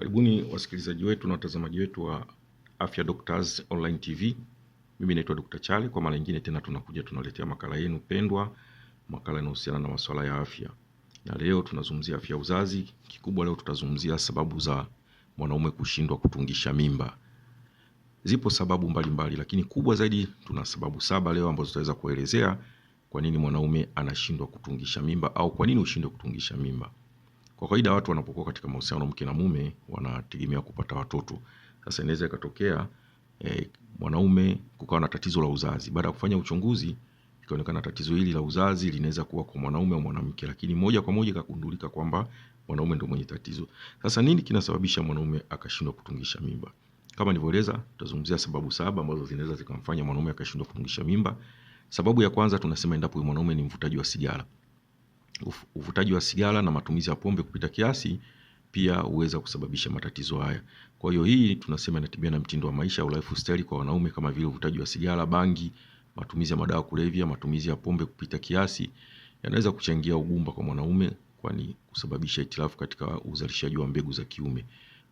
Karibuni wasikilizaji wetu na watazamaji wetu wa Afya Doctors Online TV. Mimi naitwa Dr. Chale. Kwa mara nyingine tena tunakuja tunaletea makala yenu pendwa, makala inahusiana na masuala ya afya, na leo tunazungumzia afya ya uzazi. Kikubwa leo tutazungumzia sababu za mwanaume kushindwa kutungisha mimba. Zipo sababu mbalimbali mbali, lakini kubwa zaidi tuna sababu saba leo ambazo tutaweza kuelezea kwa nini mwanaume anashindwa kutungisha mimba au kwa nini ushindwe kutungisha mimba. Kwa kawaida watu wanapokuwa katika mahusiano mke na mume wanategemea kupata watoto. Sasa inaweza ikatokea e, mwanaume kukawa na tatizo la uzazi. Baada ya kufanya uchunguzi, ikaonekana tatizo hili la uzazi linaweza kuwa kwa mwanaume au mwanamke, lakini moja kwa moja ikagundulika kwamba mwanaume ndio mwenye tatizo. Sasa nini kinasababisha mwanaume akashindwa kutungisha mimba? Kama nilivyoeleza, tutazungumzia sababu saba ambazo zinaweza zikamfanya mwanaume akashindwa kutungisha mimba. Sababu ya kwanza tunasema, endapo mwanaume ni mvutaji wa sigara uvutaji wa sigara na matumizi ya pombe kupita kiasi pia huweza kusababisha matatizo haya. Kwa hiyo hii tunasema inatibia na mtindo wa maisha au lifestyle kwa wanaume kama vile uvutaji wa sigara, bangi, matumizi ya madawa kulevya, matumizi ya pombe kupita kiasi yanaweza kuchangia ugumba kwa mwanaume kwani kusababisha itilafu katika uzalishaji wa mbegu za kiume.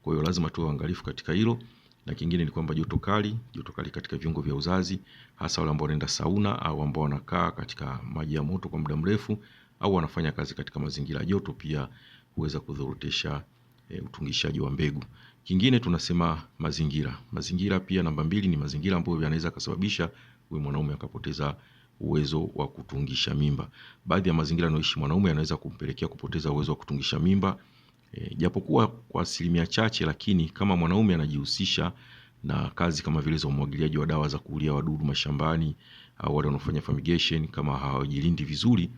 Kwa hiyo lazima tuwe angalifu katika hilo na kingine ni kwamba joto kali, joto kali katika viungo vya uzazi, hasa wale ambao wanaenda sauna au ambao wanakaa katika maji ya moto kwa muda mrefu au wanafanya kazi katika mazingira joto, pia huweza kudhurutisha e, eh, utungishaji wa mbegu. Kingine tunasema mazingira. Mazingira pia namba mbili ni mazingira ambayo yanaweza kusababisha huyu mwanaume akapoteza uwezo wa kutungisha mimba. Baadhi ya mazingira anayoishi mwanaume yanaweza kumpelekea kupoteza uwezo wa kutungisha mimba e, japokuwa kwa asilimia chache, lakini kama mwanaume anajihusisha na kazi kama vile za umwagiliaji wa dawa za kuulia wadudu mashambani au wale wanaofanya fumigation, kama hawajilindi vizuri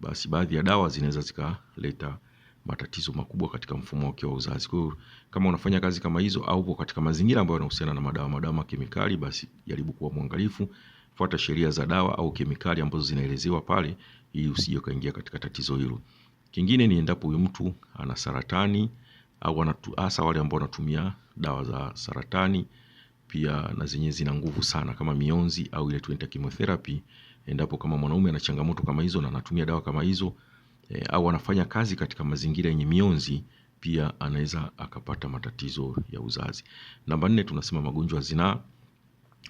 basi baadhi ya dawa zinaweza zikaleta matatizo makubwa katika mfumo wake wa uzazi. Kwa hiyo kama unafanya kazi kama hizo au upo katika mazingira ambayo yanahusiana na madawa madawa kemikali, basi jaribu kuwa mwangalifu, fuata sheria za dawa au kemikali ambazo zinaelezewa pale, ili usije kaingia katika tatizo hilo. Kingine ni endapo huyu mtu ana saratani au hasa wale ambao wanatumia dawa za saratani pia na zenyewe zina nguvu sana kama mionzi au ile tunaita chemotherapy endapo kama mwanaume ana changamoto kama hizo na anatumia dawa kama hizo e, au anafanya kazi katika mazingira yenye mionzi pia anaweza akapata matatizo ya uzazi. Namba nne tunasema magonjwa ya zinaa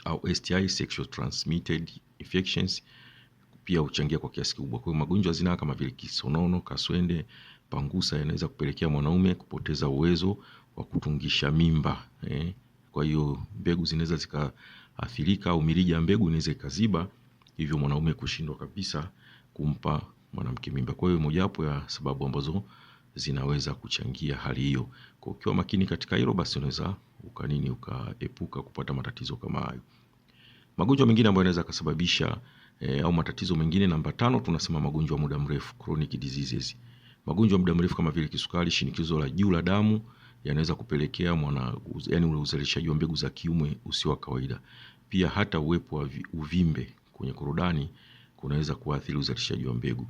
au STI, sexual transmitted infections, pia huchangia kwa kiasi kikubwa. Kwa hiyo magonjwa ya zinaa kama vile kisonono, kaswende, pangusa yanaweza kupelekea mwanaume kupoteza uwezo wa kutungisha mimba eh. Kwa hiyo mbegu zinaweza zikaathirika au mirija ya mbegu inaweza ikaziba hivyo mwanaume kushindwa kabisa kumpa mwanamke mimba. Kwa hiyo mojawapo ya sababu ambazo zinaweza kuchangia hali hiyo. Kwa ukiwa makini katika hilo, basi unaweza ukanini ukaepuka kupata matatizo kama hayo. Magonjwa mengine ambayo yanaweza kusababisha e, eh, au matatizo mengine, namba tano tunasema magonjwa muda mrefu chronic diseases. Magonjwa muda mrefu kama vile kisukari, shinikizo la juu la damu yanaweza kupelekea mwana yani ule uzalishaji wa mbegu za kiume usio wa kawaida. Pia hata uwepo wa uvimbe kwenye korodani kunaweza kuathiri uzalishaji wa mbegu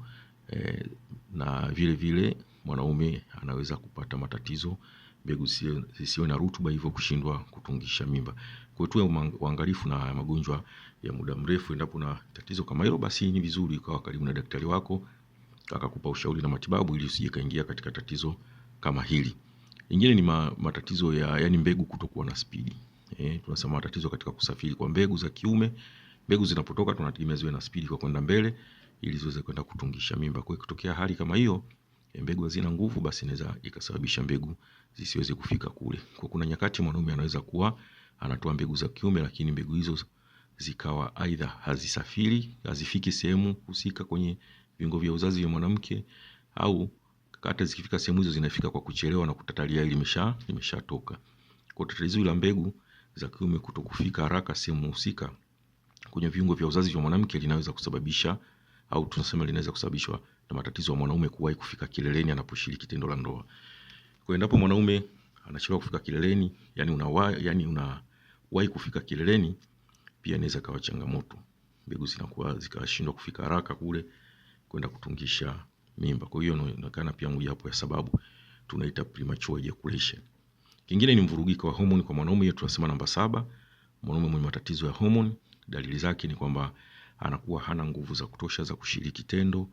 e, na vile vile mwanaume anaweza kupata matatizo mbegu zisiwe na rutuba, hivyo kushindwa kutungisha mimba. Kwa hiyo tuwe uangalifu na magonjwa ya muda mrefu. Endapo na tatizo kama hilo, basi ni vizuri ukawa karibu na daktari wako akakupa ushauri na matibabu ili usije kaingia katika tatizo kama hili. Ingine ni matatizo ya yani mbegu kutokuwa na spidi. E, tunasema matatizo katika kusafiri kwa mbegu za kiume Mbegu zinapotoka tunategemea ziwe na spidi kwa kwenda mbele ili ziweze kwenda kutungisha mimba. Kwa hiyo ikitokea hali kama hiyo, eh, mbegu hazina nguvu, basi inaweza ikasababisha mbegu zisiweze kufika kule. Kwa kuna nyakati mwanaume anaweza kuwa anatoa mbegu za kiume, lakini mbegu hizo zikawa aidha hazisafiri, hazifiki sehemu husika kwenye viungo vya uzazi vya mwanamke au hata zikifika sehemu hizo zinafika kwa kuchelewa na kutatalia ili imesha imeshatoka. Kwa tatizo la mbegu za kiume kutokufika haraka sehemu husika kwenye viungo vya uzazi vya mwanamke linaweza kusababisha au tunasema linaweza kusababishwa na matatizo ya mwanaume kuwahi kufika kileleni anaposhiriki tendo la ndoa. Kwa endapo mwanaume anachelewa kufika kileleni, yani unawahi yani unawahi kufika kileleni, pia inaweza kawa changamoto. Mbegu zinakuwa zikashindwa kufika haraka kule kwenda kutungisha mimba. Kwa hiyo inaonekana pia mojawapo ya sababu tunaita premature ejaculation. Kingine ni mvurugiko wa homoni kwa mwanaume, hiyo tunasema namba saba. Mwanaume mwenye matatizo ya homoni Dalili zake ni kwamba anakuwa hana nguvu za kutosha za kushiriki tendo,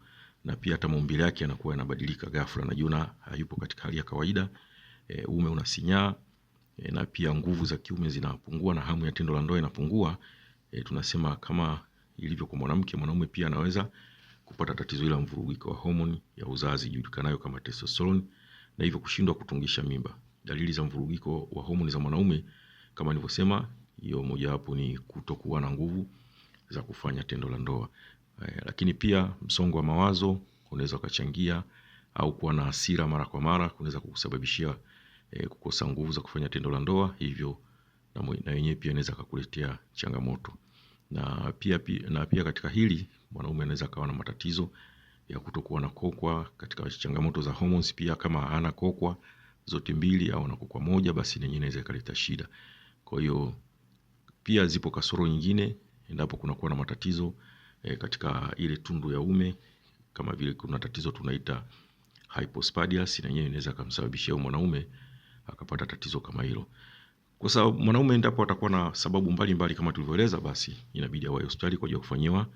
na pia hata maumbile yake yanakuwa yanabadilika ghafla, anajiona hayupo katika hali ya kawaida. E, ume unasinyaa e, na pia nguvu za kiume zinapungua na hamu ya tendo la ndoa inapungua. E, tunasema kama ilivyo kwa mwanamke, mwanaume pia anaweza kupata tatizo hilo la mvurugiko wa homoni ya uzazi ijulikanayo kama testosterone na hivyo kushindwa kutungisha mimba. Dalili za mvurugiko wa homoni za mwanaume kama nilivyosema hiyo mojawapo ni kutokuwa na nguvu za kufanya tendo la ndoa e, lakini pia msongo wa mawazo unaweza ukachangia au kuwa na hasira mara kwa mara kunaweza kukusababishia e, kukosa nguvu za kufanya tendo la ndoa hivyo na yenyewe pia inaweza kukuletea changamoto na pia, pia, na pia katika hili mwanaume anaweza akawa na matatizo ya kutokuwa na kokwa katika changamoto za hormones pia kama hana kokwa zote mbili au na kokwa moja basi nyingine inaweza ikaleta shida kwa hiyo pia zipo kasoro nyingine endapo kunakuwa na matatizo e, katika ile tundu ya ume kama vile kuna tatizo tunaita hypospadias na yeye inaweza kumsababishia mwanaume akapata tatizo kama hilo. Kwa sababu mwanaume endapo atakuwa na sababu mbalimbali mbali kama tulivyoeleza, basi inabidi awe hospitali kwa ajili ya kufanyiwa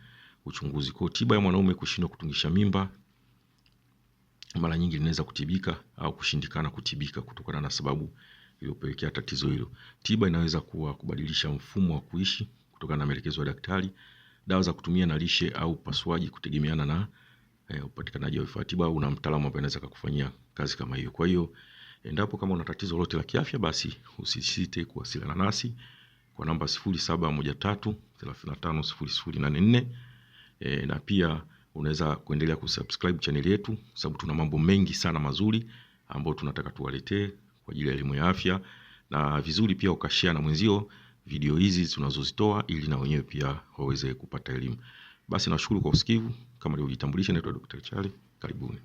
uchunguzi. Kwa tiba ya mwanaume kushindwa kutungisha mimba mara nyingi linaweza kutibika au kushindikana kutibika kutokana na sababu iliyopelekea tatizo hilo. Tiba inaweza kuwa kubadilisha mfumo wa kuishi kutokana na maelekezo ya daktari, dawa za kutumia na lishe au upasuaji kutegemeana na eh, upatikanaji wa vifaa tiba au na mtaalamu ambaye anaweza kukufanyia kazi kama hiyo. Kwa hiyo endapo kama una tatizo lolote la kiafya, basi usisite kuwasiliana nasi kwa namba 0713 e, eh, na pia unaweza kuendelea kusubscribe channel yetu, sababu tuna mambo mengi sana mazuri ambayo tunataka tuwaletee kwa ajili ya elimu ya afya, na vizuri pia ukashare na mwenzio video hizi tunazozitoa ili na wenyewe pia waweze kupata elimu. Basi nashukuru kwa usikivu. Kama nilivyojitambulisha, naitwa Dr. Chali. Karibuni.